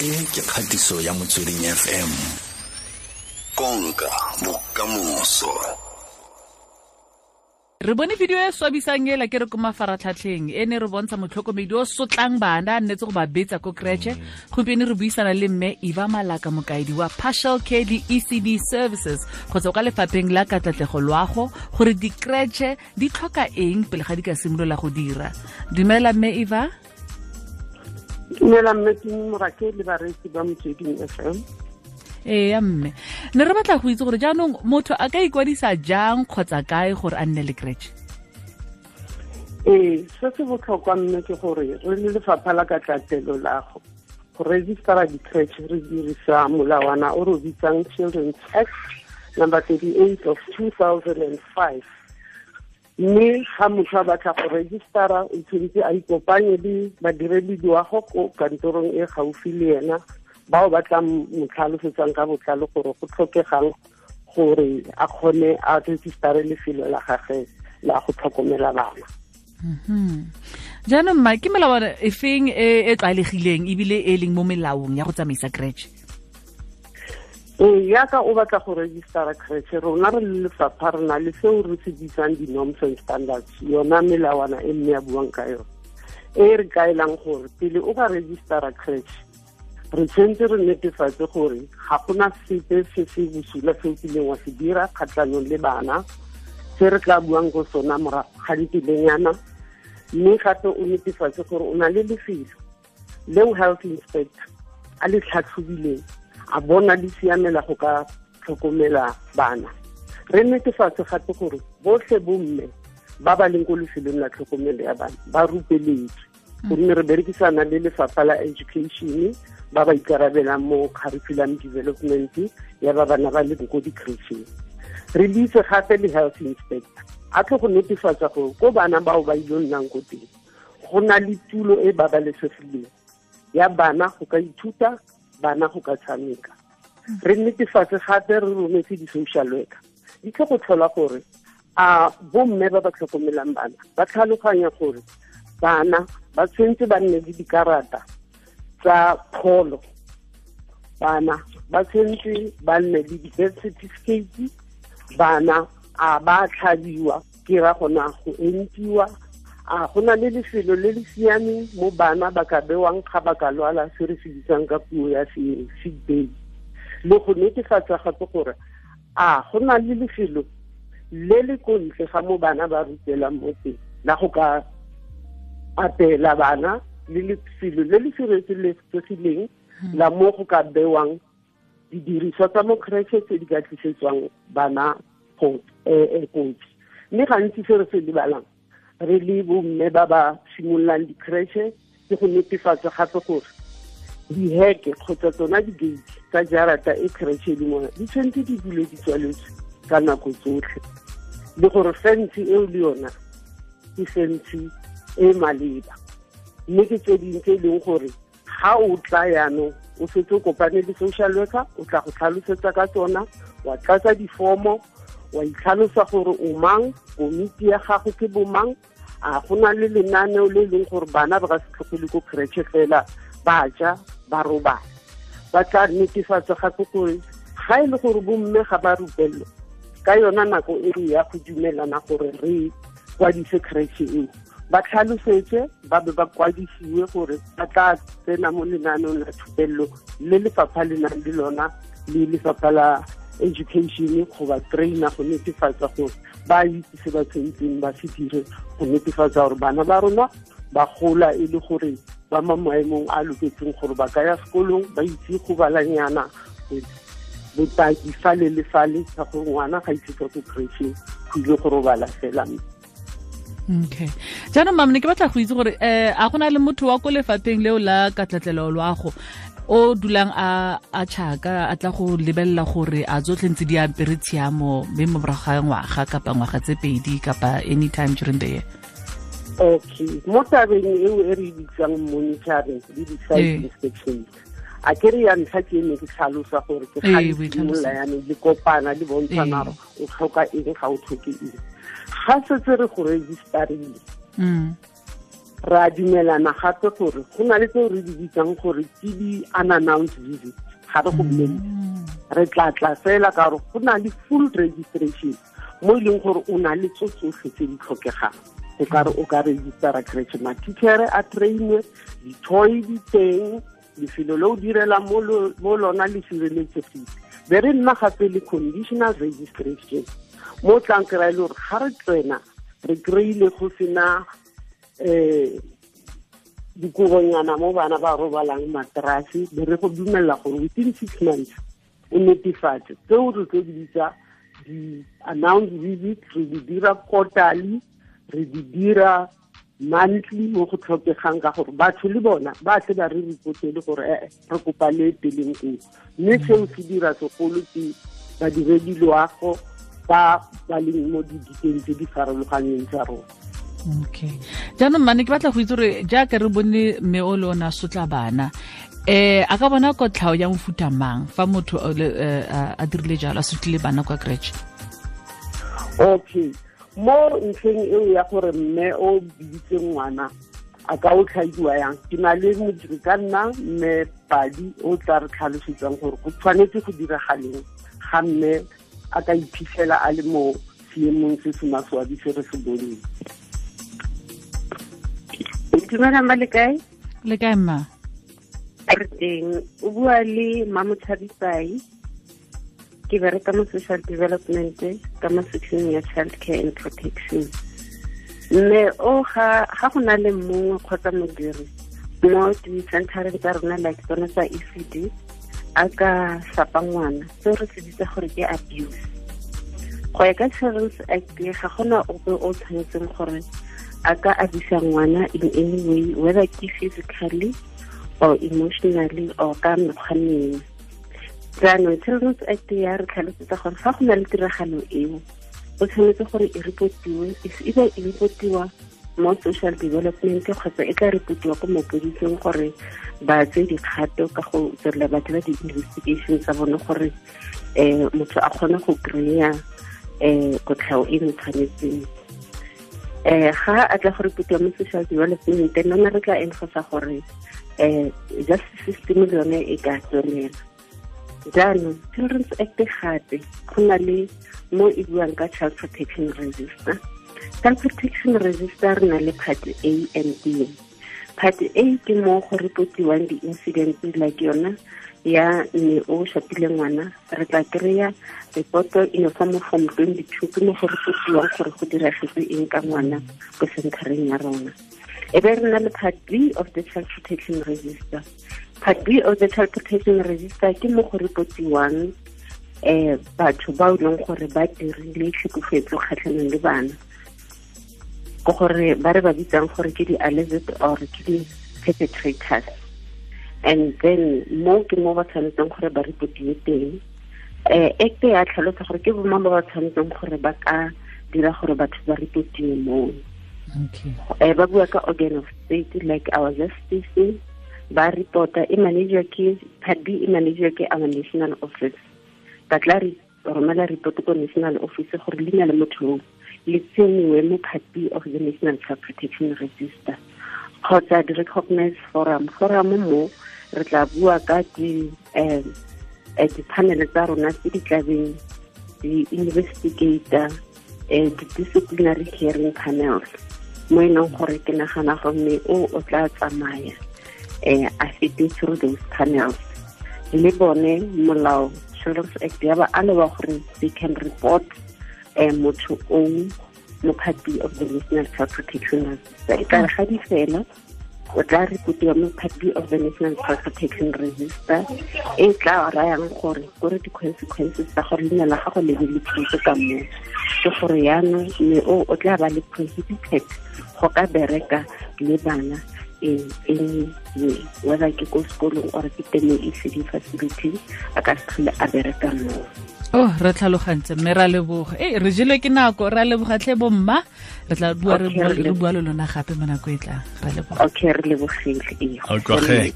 e ke kgatiso ya motsweding fm konka bokamoso re bone video e swabisang ela ke re ko mafaratlhatlheng e ne re bontsha motlhokomedi o sotlang bana a nnetse go ba betsa ko kretšhe gompieno re buisana le mme eva malaka mokaedi wa partial care di ecd services kgotsa ka lefapheng la katlatlego loago gore dikretšhe di tlhoka eng pele ga di ka simolola go dira dumela mme eva dumela mme teng morake le bareki ba motsweding fm ee ya mme ne re batla go itse gore jaanong motho a ka ikwadisa jang kgotsa kae gore a nne le kretšhe ee se se botlhokwa mme ke gore re le lefapha la katlatelo lago go registera di-cretche re dirisa molawana o re o bitsang children's act number thirty eight of two thousand and five mme ga motho a batla go registera o tshwanetse a ikopanye le go ko kantorong e gaufi le ena bao ba tla motlhalosetsang ka botlalo gore go tlhokegang gore a kgone a registere lefelo la gage la go tlhokomela bana mhm. jaanong ma ke melawana efeng e, e tlwaelegileng ebile e leng mo melaong ya go tsamaisa crèche ee yaka o batla go registera creche rona re le lefapha re na le seo re se bitsang di-norms and standards yona melawana e mme ya buang ka yone e re kaelang gore pele o ka registera creche re tshwanetse re netefatse gore ga gona sepe se se bosula se o kileng wa se dira kgatlhanong le bana se re tla buang go sona morago ga dipelenyana mme gape o netefatse gore o na le lefelo leo health inspector a le tlhatlhobileng a bona di siamela go ka tlhokomela bana re netefatse gape gore botlhe bomme ba ba leng ko lefelong la tlhokomelo ya bana ba rupeletswe mm. gonne re berekisana le lefapha la education ba ba ikarabelang mo curriculum development ya ba bana ba leng ko di-crasheng re leitse gape le health inspector a tlo go netefatsa gore ko bana bao ba ile nnang ko teng go na le tulo e babalesegileng ya bana go ka ithuta bana go ka tshameka re netefatse gape re rometse di-social worker di tle go tlhola gore a bomme ba ba tlhokomelang bana ba tlhaloganya gore bana ba tshwanetse ba nne le dikarata tsa pholo bana ba tshwanetse ba nne le di-birth certificate bana a ba tlhabiwa ke ra gona go entiwa a ah, gona le lefelo le le siameng mo bana ba ka bewang ga ba ka lwala se re se ditsang ka puo ya sick bay le go netefatsa gape gore a gona le lefelo le le kontle ga mo bana ba rutelang mo teng la go ka apela bana le lefelo le le sireletsegileng hmm. la mo go ka bewang didiriswa tsa mo crashe tse di ka tlisetswang bana e, e, kotsi mme gantsi se re se lebalang re le bomme ba ba simololang di-crashe ke go netefatsa gape gore diheke kgotsa tsona di-gate tsa jarata e crashe di di tshwanetse di dule di tswaletswe ka nako tsotlhe le gore fenci eo le yona ke fenci e maleba mme ke tse dingwe tse e leng gore ga o tla yaanong o setse o kopane le social worker o tla go tlhalosetsa ka tsona wa tlatsa difomo wa itlhalosa gore o mang komiti ya gago ke bomang a gona le lenaneo le leng gore bana ba ga se tlhogele ko creche fela ba ja ba robala ba tla netefatsa gape gore ga e le gore bomme ga ba rupelwe ka yona nako e re ya go dumelana gore re kwadise creche eo ba tlhalosetse ba be ba kwadisiwe gore ba tla tsena mo lenaneong la thupelelo le lefapha le nang le lona le lefapha la education go ba traina go netefatsa gore ba itse se ba tshwantseng ba se dire go netefatsa gore bana ba rona ba gola e le gore ba ma maemong a loketseng gore ba ka ya sekolong ba itse go balanyana botaki fale le fale ka gore ngwana ga itse tsa ko crasheng go ile go robala fela okay jaanong mamone ke batla go itse gore um a gona le motho wa ko lefapheng leo la katlatlelo loago o dulang a a chaka a tla go lebella gore a tsotlhe ntse di ampere tshiamo mme mo morago ga ngwaga kapa ngwaga tse pedi kapa anytime during the year okay mo tabeng eo e re e bitsang monitoring le di-site eh. inspections a ke re ya ntsha ke ne ke tlhalosa gore ke eh, gaimolola yanong le kopana le bontshana gore eh. o tlhoka eng ga o tlhoke eng ga setse re go registerile mm ra dumelana gape gore go na le tseo re di bitsang gore ke di-unannounced visit ga re go boleletse mm-hmm. re tla tla fela ka gore go na le full registration mo e leng gore o na le tso tsotlhe tse di tlhokegang go kare o ka registera creation matichere a traine dithoi di teng lefelo le o direla mo lona le sireletsegile be re nna gape le conditional registration mo tlang kry-a e le gore ga re tsena re kry-ile go sena eh dikobonyana mo bana ba robalang materase be re go dumella gore within six months o netefatse tseo re tlo di bitsa di-announce visit re di dira quarterly re di dira monthly mo go tlhokegang ka gore batho le bona ba tle ba re repotele gore ee re kopa le eteleng koo mme seo se dira segolo ke badirediloago ba ba leng mo diditeng tse di farologaneng tsa rona okay jaanong mane ke batla go itse gore jaaka re bone mme o le one a sotla bana um a ka bona kotlhao ya mofuta mang fa motho eh, eh, a dirile jalo a sotlile bana kwa crutch okay mo ntlheng eo ya gore mme o biditse ngwana a ka o tlhaiwa yang ke na le modiri ka nna mme padi o tla re tlhalosetsang gore go tshwanetse go diragaleng ga mme a ka iphitlhela a le mo seemong se se maswabi se re se boneng dumela mma le kae le kae mma re teng o bua le mmamothabisai ke bereka mo social development ka mo ya child care and protection mme o ga go na le mongwe kgotsa modiri mo di-centereng tsa rona like tsone tsa e c d a ka sapa ngwana seo re se bitsa gore ke abuse go ya ka children's act ga gona ope o tshwanetseng gore a ka abisa ngwana in any way whether ke physically or emotionally or ka mekgwa jaanong children's act ya re tlhalosetsa gore fa go na le tiragalo eo o tshwanetse gore e reportiwe e reportiwa mo social development kgotsa e ka reportiwa ko mapodiseng gore ba tse dikgato ka go tswelela batho ba di-investigation tsa bone gore um motho a kgone go kry-a um kotlhao e eh ga a tla gore puto mo social development nna re tla sa gore eh justice system le yone e ka tsonela jaanong children's act gape go na le mo e buang ka child protection register child protection register re na le part a and b part a ke mo go repotiwang di-incident like yona ya ne o shapile ngwana re tla kry-a reporto in a form twenty two ke mo go gore go diragetse eng ka ngwana ko ya rona e be re na le part b of the child protection register part b of the child protection register ke mo go repotiwang um eh, batho ba o leng gore ba dirile tlhokofetso kgatlhanong le bana ke gore ba re ba bitsang gore ke di or ke di-perpetrators and then mo ke mo ba tshwanetseng gore ba repotiwe teng um acte ya tlhalosa gore ke bomang ba ba tshwanetseng gore ba ka dira gore batho ba repotiwe eh, ba bua ka organ of state like our justice ba report-a e manager ke part b e manager ke our national office ba tla romela report ko national office gore leina le motho le tseniwe mo part b of the national child protection register kgotsa di-recognize forum forum mo re tla bua ka eh, eh, di-panel tsa rona tse di tlabeng di-investigator um eh, di-disciplinary hearing panels mo e leng gore ke nagana gomme o o tla tsamaya um a fete through those panels le bone molao children's act ya ba a leba gore they can report um motho o mophapi of the national child protection register ga di fela o tla repotiwa mophapi of the national child protection register e tla rayang gore kore di-consequences tsa gore leina la gago le be le thuso ka moo ke gore yaanong mme o o tla ba le prohibited go ka bereka le bana in e, e, e, whether ke ko sekolong or ke teng e seding facility a ka se a bereka moo o oh, re tlhalogantse mme ra leboga e re jelwe ke nako ra lebogatlhe bomma re tla bua re bua le lona gape mo nako e tlang ra leboga okay re lebogile ee,